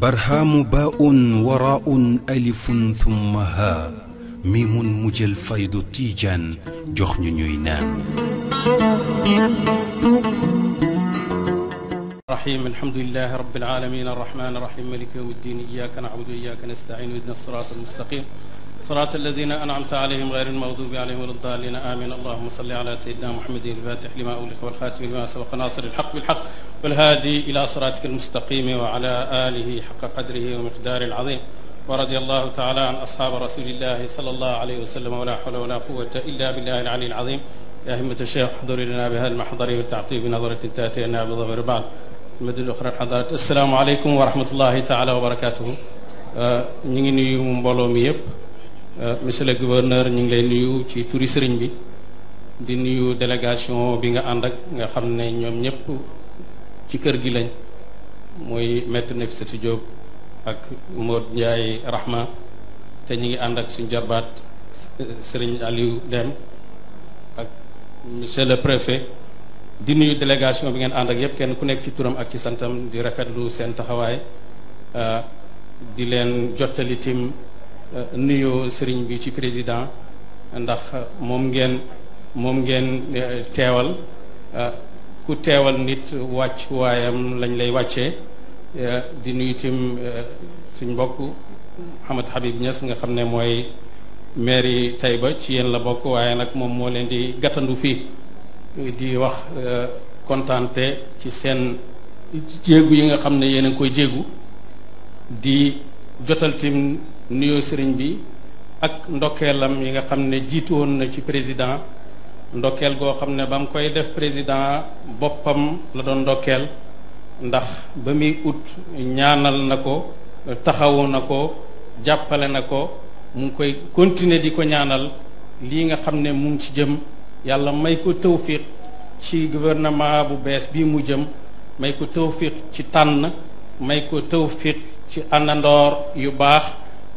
برهام باء وراء ألف ثم ها ميم مجل فيض تيجان جخن نينان رحيم الحمد لله رب العالمين الرحمن الرحيم ملك يوم الدين إياك نعبد وإياك نستعين اهدنا الصراط المستقيم صراط الذين أنعمت عليهم غير المغضوب عليهم ولا الضالين آمين اللهم صل على سيدنا محمد الفاتح لما أولك والخاتم لما سبق ناصر الحق بالحق والهادي إلى صراطك المستقيم وعلى آله حق قدره ومقدار العظيم ورضي الله تعالى عن أصحاب رسول الله صلى الله عليه وسلم ولا حول ولا قوة إلا بالله العلي العظيم يا همة الشيخ حضر لنا بهذا المحضر والتعطيب بنظرة تأتي لنا بظهر بعض المدن الأخرى الحضارات السلام عليكم ورحمة الله تعالى وبركاته ñu ngi nuyu Euh, monsieur le gouverneur ñu ngi lay nuyu ci turi sëriñ bi di nuyu délégation bi nga ànd ak nga xam ne ñoom ñëpp ci kër gi lañ muy maître Nafissatou Diop ak Modou Ndiaye Rahma te ñu ngi ànd ak suñ jarbaat sëriñ Aliou Dem ak monsieur le préfet di nuyu délégation bi ngeen ànd ak yëpp kenn ku nekk ci turam ak ci santam di rafetlu seen taxawaay euh, di leen jottali tim Euh, nuyoo sëriñ bi ci président ndax moom ngeen moom ngeen euh, teewal euh, ku teewal nit wàcc waayam lañ lay wàccee di nuyu itam suñ mbokk Mouhamad Habib Niass nga xam ne mooy mairie Taïba ci yéen la bokk waaye nag moom moo leen di gàttandu fii di wax kontaante ci seen jéegu yi nga xam ne yéen a koy jéegu di jotal tim nuyoo sëriñ bi ak ndokkeelam yi nga xam ne jiitu na ci président ndokkeel goo xam ne ba mu koy def président boppam la doon ndokkeel ndax ba muy ut ñaanal na ko taxawu na ko jàppale na ko mu ngi koy continuer di ko ñaanal lii nga xam ne mu ngi ci jëm yàlla may ko tawfiq ci gouvernement bu bees bii mu jëm may ko tawfiq ci tànn may ko tawfiq ci àndandoor yu baax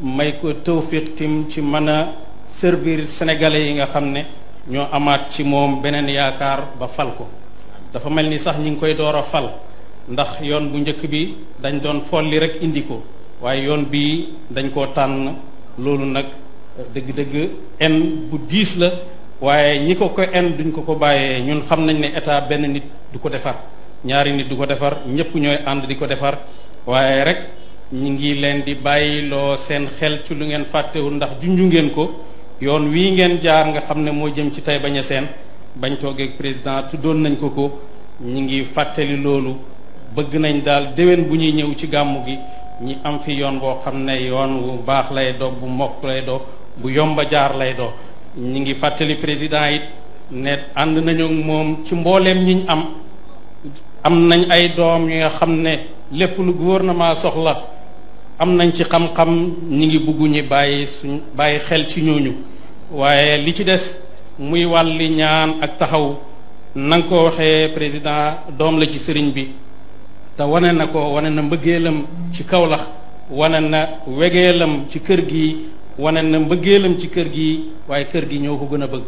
may ko tawfiq tim ci mën a servir sénégalais yi nga xam ne ñoo amaat ci moom beneen yaakaar ba fal ko dafa mel ni sax ñu ngi koy door a fal ndax yoon bu njëkk bi dañ doon folli rek indi ko waaye yoon bii dañ koo tànn loolu nag dëgg-dëgg en bu diis la waaye ñi ko ko en duñ ko ko bàyyee ñun xam nañ ne état benn nit du ko defar ñaari nit du ko defar ñëpp ñooy ànd di ko defar waaye rek ñi ngi leen di bàyyiloo seen xel ci lu ngeen fàttewul ndax junju ngeen ko yoon wii ngeen jaar nga xam ne moo jëm ci bañ a seen bañ toogeeg président tuddoon nañ ko ko ñi ngi fàttali loolu bëgg nañ daal déwén bu ñuy ñëw ci gàmmu gi ñi am fi yoon boo xam ne yoon bu baax lay doo bu mokk lay doo bu yomba jaar lay doo ñi ngi fàttali président yit ne ànd nañu moom ci mbooleem ñi am am nañ ay doom yi nga xam ne lépp lu gouvernement soxla am nañ ci xam-xam ñi ngi bugg bàyyi suñ bàyyi xel ci ñooñu waaye li ci des muy wàlli ñaan ak taxaw nang nga ko waxee président doom la ci sëriñ bi te wane na ko wane na mbëggeelam ci Kaolack wane na wegeelam ci kër gi wane na mbëggeelam ci kër gi waaye kër gi ñoo ko gën a bëgg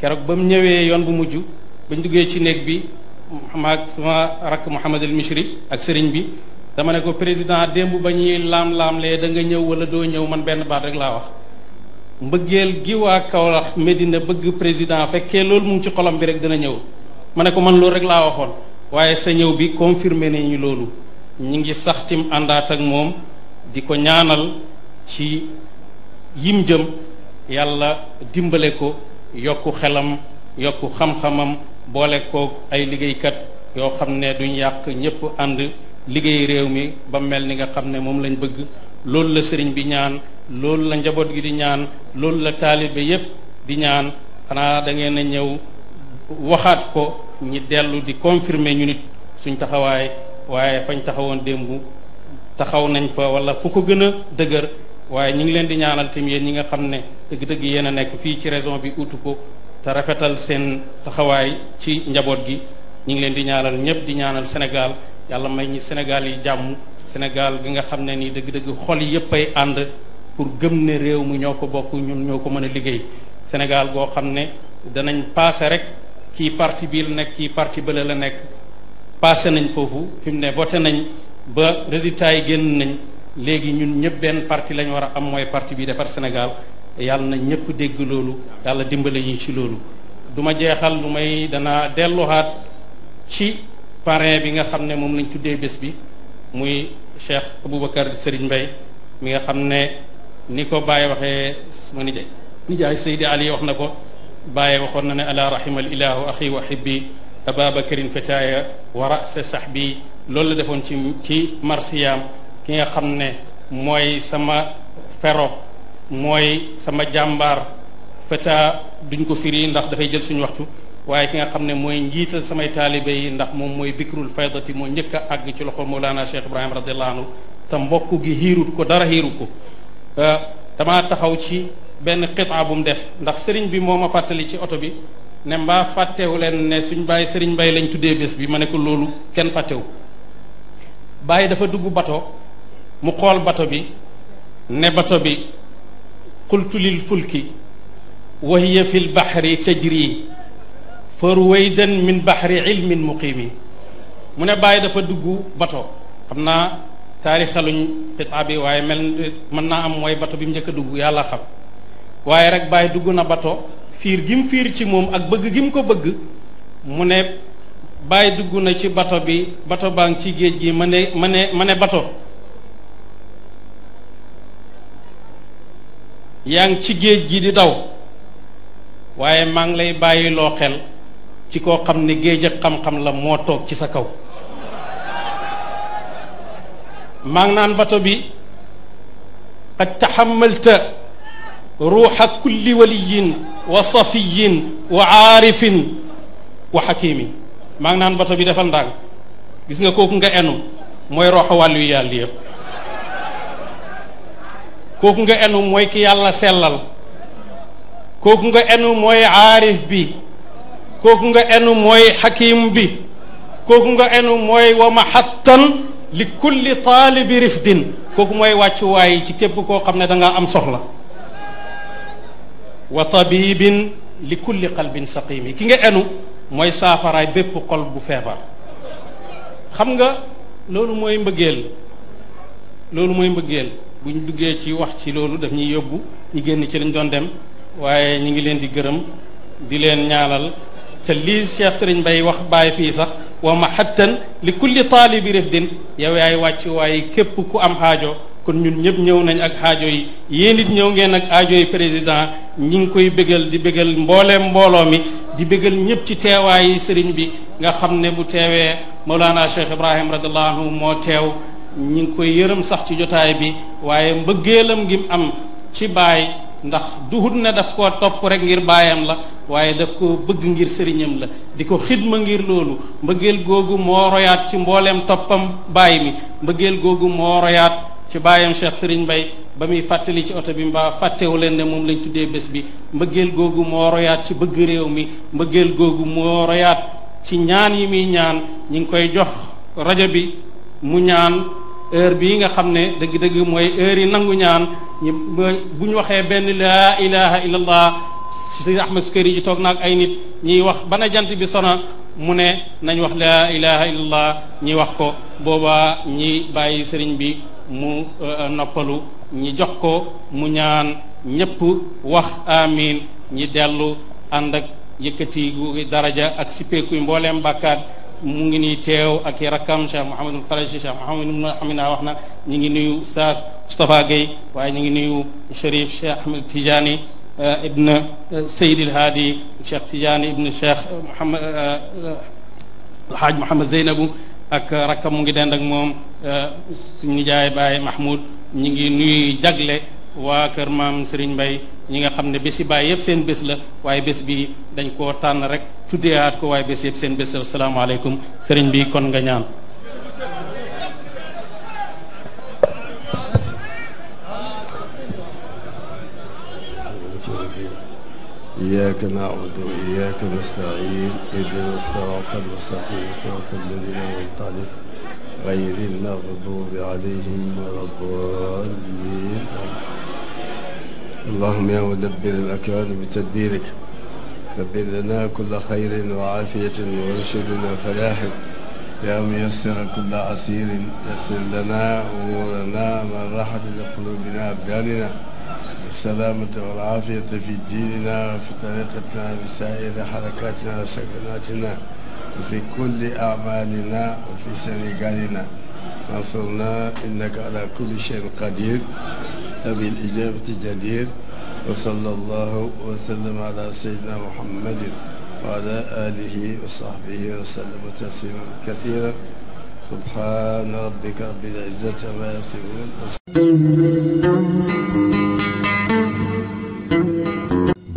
keroog ba mu ñëwee yoon bu mujj bañ duggee ci néeg bi maag sama rakk Mouhamadul Misri ak sëriñ bi dama ne ko président démb ba ñuy laam-laamlee da nga ñëw wala doo ñëw man benn baat rekk laa wax mbëggeel gi waa Kaolack Medina bëgg président fekkee loolu mu ngi ci xolam bi rek dina ñëw ma ne ko man loolu rek laa waxoon waaye sa ñëw bi confirmé nañu loolu ñu ngi sax tim àndaat ak moom di ko ñaanal ci yim jëm yàlla dimbale ko yokk xelam yokk xam-xamam boole ko ay liggéeykat yoo xam ne duñ yàq ñépp ànd liggéey réew mi ba mel ni nga xam ne moom lañ bëgg loolu la sëriñ bi ñaan loolu la njaboot gi di ñaan loolu la taalibe yépp di ñaan xanaa da ngeen a ñëw waxaat ko ñi dellu di confirmer ñu nit suñ taxawaay waaye fañ taxawoon démb taxaw nañ fa wala fu ko gën a dëgër waaye ñu ngi leen di ñaanal tim yéen ñi nga xam ne dëgg-dëgg yéen a nekk fii ci raison bi utu ko te rafetal seen taxawaay ci njaboot gi ñu ngi leen di ñaanal ñëpp di ñaanal Sénégal yàlla may ñi Sénégal yi jàmm Sénégal bi nga xam ne nii dëgg-dëgg xol yëpp ay ànd pour gëm ne réew mi ñoo ko bokk ñun ñoo ko mën a liggéey Sénégal goo xam ne danañ paase rek kii parti bii la nekk kii parti bële la nekk paase nañ foofu fi mu ne voté nañ ba résultat yi génn nañ léegi ñun ñëpp benn parti lañ war a am mooy parti bi defar Sénégal yàlla na ñëpp dégg loolu yàlla dimbale ñu ci loolu. du jeexal lu may danaa delluwaat ci. parrain bi nga xam ne moom lañ tuddee bés bi muy Cheikh Aboubacar Serigne mbay mi nga xam ne ni ko Baye waxee suma nijaay nijaay Seydi Ali wax na ko Baye waxoon na ne ala rahimal ilahu axi wa xibbi ababakarin fataaya wa rasa sahbi loolu la defoon ci ci marsiyaam ki nga xam ne mooy sama fero mooy sama jàmbaar fata duñ ko firi ndax dafay jël suñu waxtu waaye ki nga xam ne mooy njiital samay taalibe yi ndax moom mooy bikrul faydati moo njëkk a àgg ci loxo moulana Cheikh Ibrahima radiallahu anhu te mbokk gi hiirut ko dara hiiru ko dama taxaw ci benn xitaa bu mu def ndax sëriñ bi moo ma fàttali ci oto bi ne mbaa fàttewu leen ne suñ bàyyi sëriñ mbay lañ tuddee bés bi ma ne ko loolu kenn fàttewu bàyyi dafa dugg bato mu xool bato bi ne bato bi qultu lil fulki wa hiya fil bahri tajri فرويدا من بحر علم مقيم من باي دا فا دغو باتو خمنا تاريخ لوني قطابي واي مل من ام واي باتو بيم نك دغو يالا خم واي رك باي دغو نا باتو فير گيم فير تي موم اك بڬ گيم كو بڬ من باي دغو نا تي باتو بي باتو بان تي گيج جي من من من باتو yang ci geej gi di daw waye mang lay bayyi lo xel ci koo xam ne xam-xam la mo tok ci sa kaw mang nan bato bi qad tahammalta ruuxa kulli waliyin wa safiyin wa aarifin wa xakimin maa ngi naan bato bi defal ndànk gis nga kooku nga enu moy roxo walu yàlla yeb kooku nga enu moy ki yàlla selal kooku nga enu moy arif bi kooku nga enu moy hakim bi kooku nga enu moy wa mahattan li kulli taalibi rifdin kooku mooy wàccuwaay ci képp koo xam ne da ngaa am soxla wa tabibin li kulli qalbin saqimi ki nga enu moy saafaraay bépp xol bu feebar xam nga loolu mooy mbëggeel loolu mooy mbëggeel bu ñu duggee ci wax ci loolu daf ñuy yóbbu ñu génn ci lañ doon dem waaye ñu ngi leen di gërëm di leen ñaanal تلي شيخ سرين باي واخ باي في سا ومحتا لكل طالب رفد يا واي واتي واي كيب كو ام حاجو كون نون نيب نيو نان اك حاجو يي يي نيت نيو نين اك حاجو يي بريزيدان ني نكوي بيغل دي بيغل مبولم مبولومي دي بيغل نيب تي تيواي سرين بي nga xamne bu tewé مولانا شيخ ابراهيم رضي الله عنه مو تيو ني نكوي ييرم صاح تي جوتاي بي واي مبغيلم گيم ام تي باي ndax duhut ne daf ko topp rek ngir baayam la waaye daf ko bëgg ngir sëriñam la di ko xidma ngir loolu mbëggeel googu moo royaat ci mbooleem toppam baay mi googu moo ci baayam Cheikh Sëriñ Mbay ba muy fàttali ci oto bi mbaa fàttewu leen ne moom lañ tuddee bés bi mbëggeel googu moo royaat ci bëgg réew mi mbëggeel googu moo royaat ci ñaan yi muy ñaan ñu ngi koy jox rajo bi mu ñaan heure bii nga xam ne dëgg-dëgg mooy heure yi nangu ñaan ñu bu ñu waxee benn laa ilaha illa allah si ahmad sukari ji toog naag ay nit ñiy wax bana jant bi sona mu ne nañ wax laa ilaha illa allah ñi wax ko boobaa ñi bàyyi sëriñ bi mu euh, noppalu ñi jox ko mu ñaan ñépp wax amin ñi dellu ànd ak yëkkatigu daraja ak sipeeku mbooleem bakkaat mu ngi nii teew ak i rakkam cheikh mohamadul qarashi cheikh mohamadul wax na ñu ngi nuyu saas Moustapha Gueye waaye ñu ngi nuyu Chérif Cheikh Ahmed Tidiane euh, ibn euh, Seyd El Hadi Cheikh Tidiane ibn Cheikh euh, Mouhamed El Hadj Mouhamed Zeynabu ak rakkam mu ngi dend ak moom suñu nijaay Baye Mahmoud ñu ngi nuyu jagle waa kër maam Serigne mbay ñi nga xam ne bés yi bàyyi yëpp seen bés la waaye bés bi dañ ko tànn rek tuddeeaat ko waaye bés yëpp seen bés la asalaamaaleykum Serigne bi kon nga ñaan. إياك نعبد وإياك نستعين اهدنا الصراط المستقيم صراط الذين أنعمت عليهم غير المغضوب عليهم ولا الضالين اللهم يا مدبر الأكوان بتدبيرك دبر لنا كل خير وعافية ورشدنا فلاح يا ميسر كل عسير يسر لنا أمورنا من راحة لقلوبنا أبداننا السلامة والعافية في ديننا وفي طريقتنا وفي سائر حركاتنا وسكناتنا وفي كل أعمالنا وفي سنغالنا نصرنا إنك على كل شيء قدير وبالإجابة جدير وصلى الله وسلم على سيدنا محمد وعلى آله وصحبه وسلم تسليما كثيرا سبحان ربك رب العزة ما يصفون